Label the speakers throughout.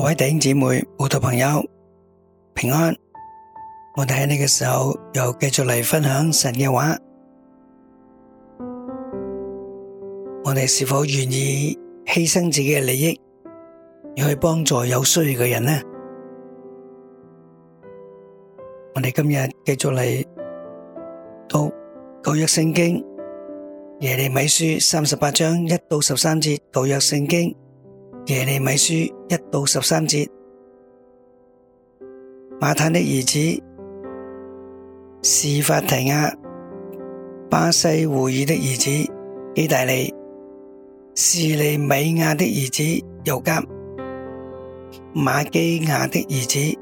Speaker 1: 各位弟兄姊妹、信徒朋友平安。我哋喺呢個時候，又繼續嚟分享神嘅話。我哋是否願意犧牲自己嘅利益，去幫助有需要嘅人呢？我哋今日繼續嚟讀舊約聖經耶利米書三十八章一到十三節。舊約聖經。耶利米書一到十三節。馬坦的兒子示法提雅，巴西胡爾的兒子基大利，示利米雅的兒子猶甲，瑪基亞的兒子。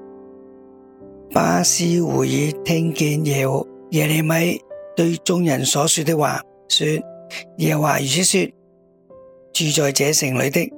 Speaker 1: 巴西胡爾聽見耶耶利米對眾人所說的話，說：耶和華如此說，住在這城裏的。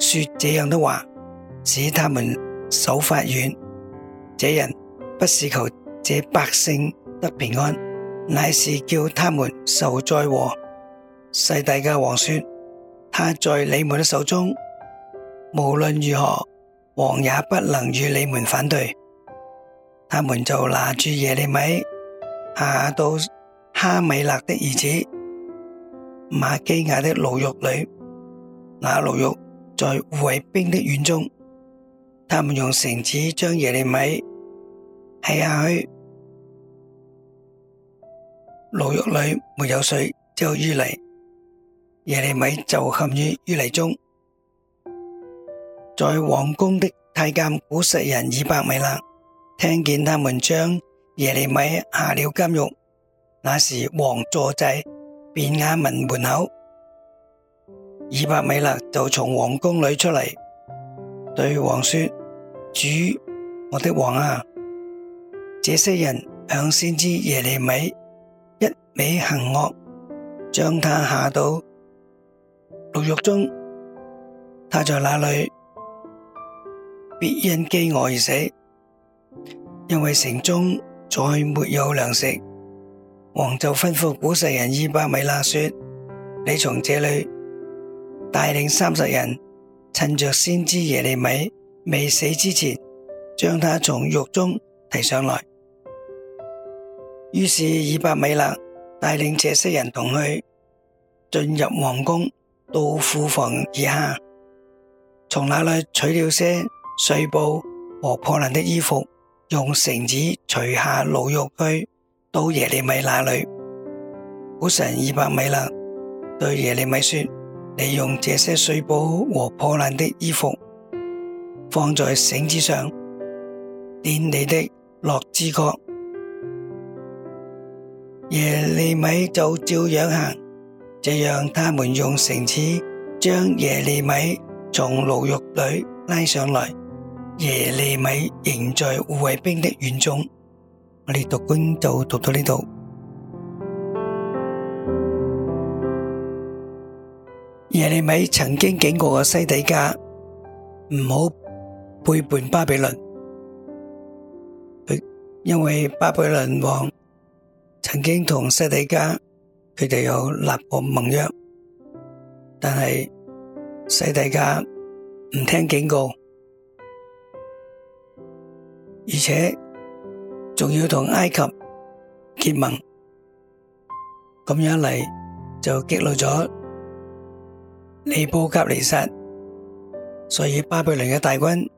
Speaker 1: 說這樣的話，使他們手發軟。這人不是求這百姓得平安，乃是叫他們受災禍。西底家王說：他在你們的手中，無論如何，王也不能與你們反對。他們就拿住耶利米，下、啊、到哈米勒的兒子瑪基亞的牢獄裏那牢獄。在護衛兵的院中，他們用繩子將耶利米繫下去。牢獄裏沒有水，只有淤泥，耶利米就陷於淤泥中。在王宮的太監古實人以百米啦，聽見他們將耶利米下了監獄。那時王坐仔便雅憫門口。以伯米勒就從皇宮裏出嚟，對王說：主，我的王啊，這些人向先知耶利米一味行惡，將他下到牢獄中，他在那裏必因飢餓而死，因為城中再沒有糧食。王就吩咐古實人以伯米勒說：你從這裏。帶領三十人，趁着先知耶利米未死之前，將他從獄中提上來。於是以伯米勒帶領這些人同去，進入王宮，到庫房以下，從那裏取了些碎布和破爛的衣服，用繩子除下牢獄去到耶利米那裏。古神以伯米勒對耶利米說。你用這些碎布和破爛的衣服放在繩子上，墊你的胳肢窩。耶利米就照樣行，這樣他們用繩子將耶利米從牢獄裏拉上來。耶利米仍在護衛兵的院中。我哋讀經就讀到呢度。耶利米曾經警告過西底家唔好背叛巴比倫，因為巴比倫王曾經同西底家佢哋有立過盟約，但係西底家唔聽警告，而且仲要同埃及結盟，咁樣嚟就激怒咗。尼布甲尼撒，所以巴比倫嘅大軍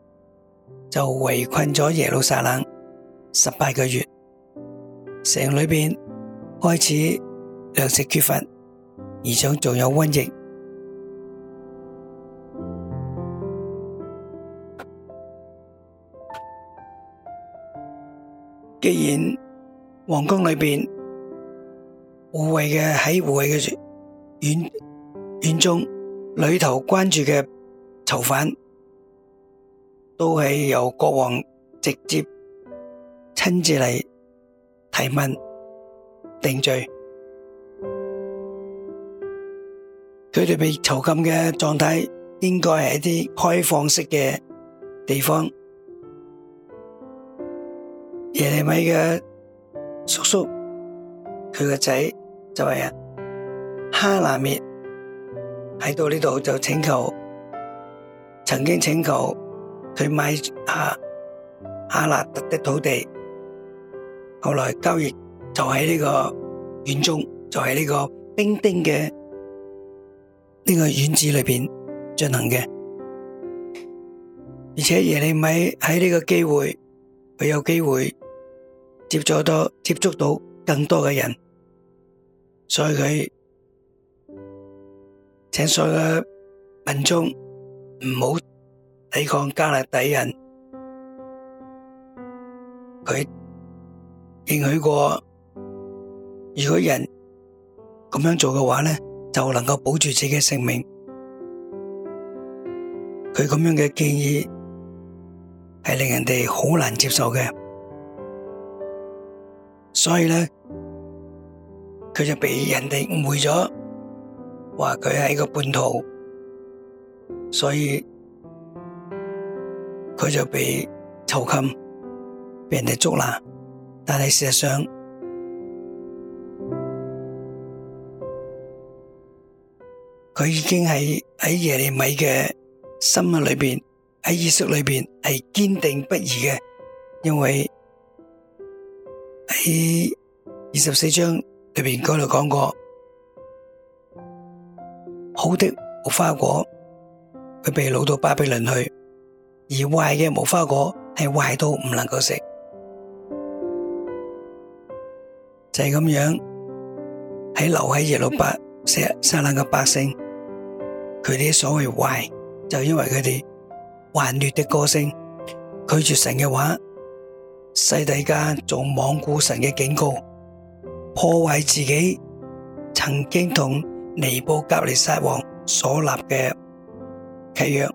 Speaker 1: 就圍困咗耶路撒冷十八個月，城裏邊開始糧食缺乏，而且仲有瘟疫。既然皇宮裏邊護衛嘅喺護衛嘅院院中。裏頭關住嘅囚犯，都係由國王直接親自嚟提問定罪。佢哋被囚禁嘅狀態，應該係一啲開放式嘅地方。耶利米嘅叔叔，佢個仔就係啊哈拿滅。喺到呢度就請求，曾經請求佢買下阿納特的土地，後來交易就喺呢個院中，就喺呢個兵丁嘅呢個院子裏邊進行嘅，而且耶利米喺呢個機會，佢有機會接觸到接觸到更多嘅人，所以佢。請所有民眾唔好抵抗加拿大人。佢認許過，如果人咁樣做嘅話咧，就能夠保住自己嘅性命。佢咁樣嘅建議係令人哋好難接受嘅，所以咧，佢就俾人哋誤會咗。話佢係一個叛徒，所以佢就被囚禁，俾人哋捉啦。但係事實上，佢已經喺喺耶利米嘅心啊裏邊，喺意識裏邊係堅定不移嘅，因為喺二十四章裏邊嗰度講過。好的無花果，佢被擄到巴比倫去；而壞嘅無花果係壞到唔能夠食。就係、是、咁樣喺留喺耶路撒冷嘅百姓，佢哋所謂壞，就因為佢哋頑劣的個性，拒絕神嘅話，世第間仲罔顧神嘅警告，破壞自己曾經同。尼布甲尼撒王所立嘅契約，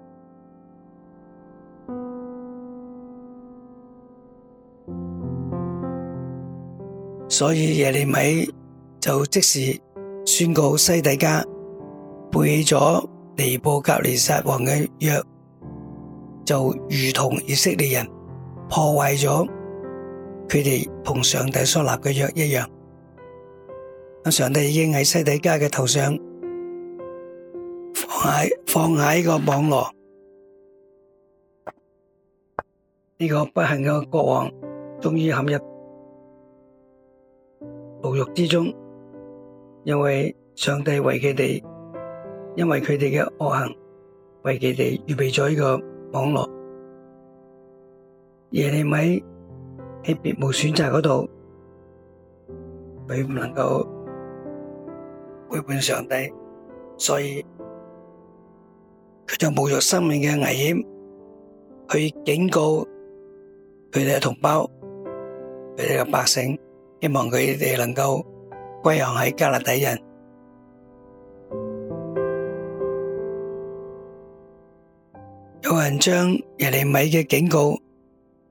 Speaker 1: 所以耶利米就即時宣告西底家背棄咗尼布甲尼撒王嘅約，就如同以色列人破壞咗佢哋同上帝所立嘅約一樣。上帝已經喺西底家嘅頭上放喺放喺個網絡，呢個不幸嘅國王終於陷入牢獄之中，因為上帝為佢哋，因為佢哋嘅惡行，為佢哋預備咗呢個網絡。耶利米喺別無選擇嗰度，佢唔能夠，背叛上帝，所以佢就冒着生命嘅危險去警告佢哋嘅同胞、佢哋嘅百姓，希望佢哋能夠歸降喺加勒底人。有人將耶利米嘅警告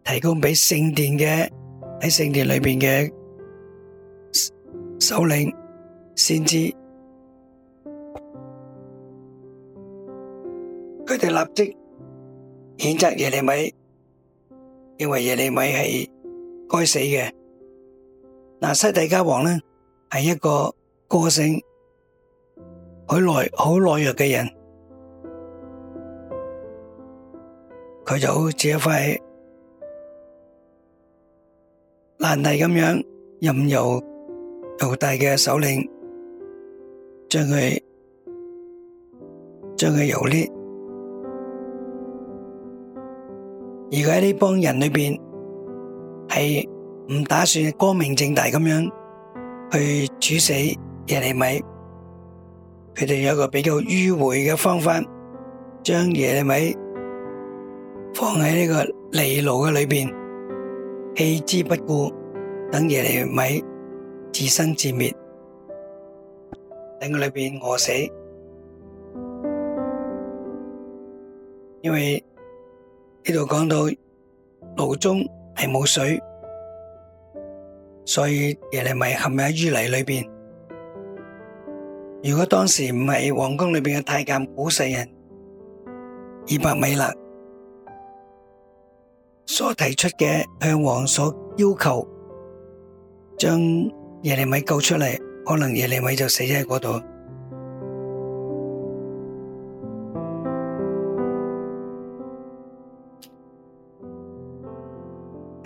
Speaker 1: 提供俾聖殿嘅喺聖殿裏邊嘅首領先知。立即譴責耶利米，認為耶利米係該死嘅。嗱，西底家王呢，係一個個性好耐好懦弱嘅人，佢就好似一塊爛泥咁樣任由猶大嘅首領將佢將佢蹂躪。而佢喺呢幫人裏邊係唔打算光明正大咁樣去處死耶利米，佢哋有一個比較迂回嘅方法，將耶利米放喺呢個泥爐嘅裏邊棄之不顧，等耶利米自生自滅，等佢裏邊餓死，因為。呢度講到牢中係冇水，所以耶利米陷喺淤泥裏邊。如果當時唔係皇宮裏邊嘅太監古實人以伯米勒所提出嘅向王所要求，將耶利米救出嚟，可能耶利米就死喺嗰度。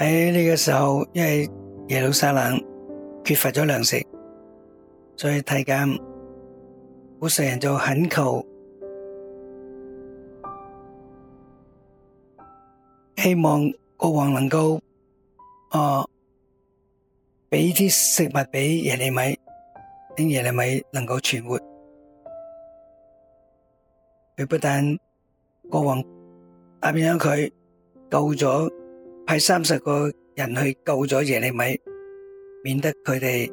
Speaker 1: 喺呢個時候，因為耶路撒冷缺乏咗糧食，所以太監古實人就懇求，希望國王能夠啊，畀啲食物俾耶利米，等耶利米能夠存活。佢不但國王答應咗佢救咗。派三十個人去救咗耶利米，免得佢哋，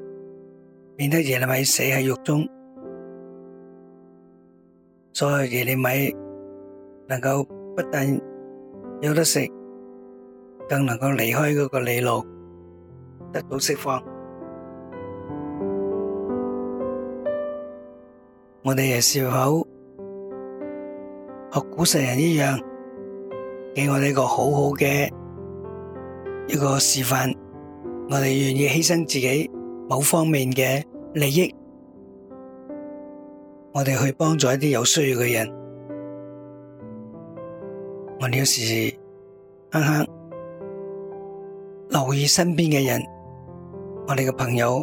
Speaker 1: 免得耶利米死喺獄中，所以耶利米能夠不但有得食，更能夠離開嗰個李牢，得到釋放。我哋係是否學古時人一樣，俾我哋一個好好嘅？一個示範，我哋願意犧牲自己某方面嘅利益，我哋去幫助一啲有需要嘅人。我哋要時時刻刻留意身邊嘅人，我哋嘅朋友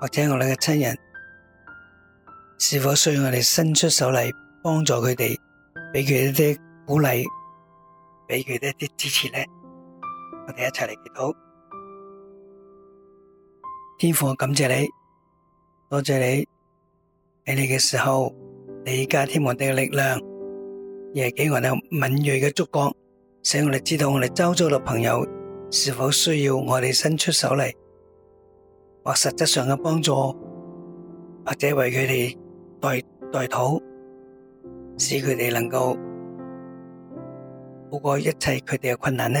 Speaker 1: 或者我哋嘅親人，是否需要我哋伸出手嚟幫助佢哋，俾佢一啲鼓勵，俾佢一啲支持咧？我哋一齊嚟祈禱，天父，感謝你，多謝你喺你嘅時候，你加添我哋嘅力量，亦係俾我哋敏銳嘅觸覺，使我哋知道我哋周遭嘅朋友是否需要我哋伸出手嚟，或實質上嘅幫助，或者為佢哋代代禱，使佢哋能夠度過一切佢哋嘅困難呢。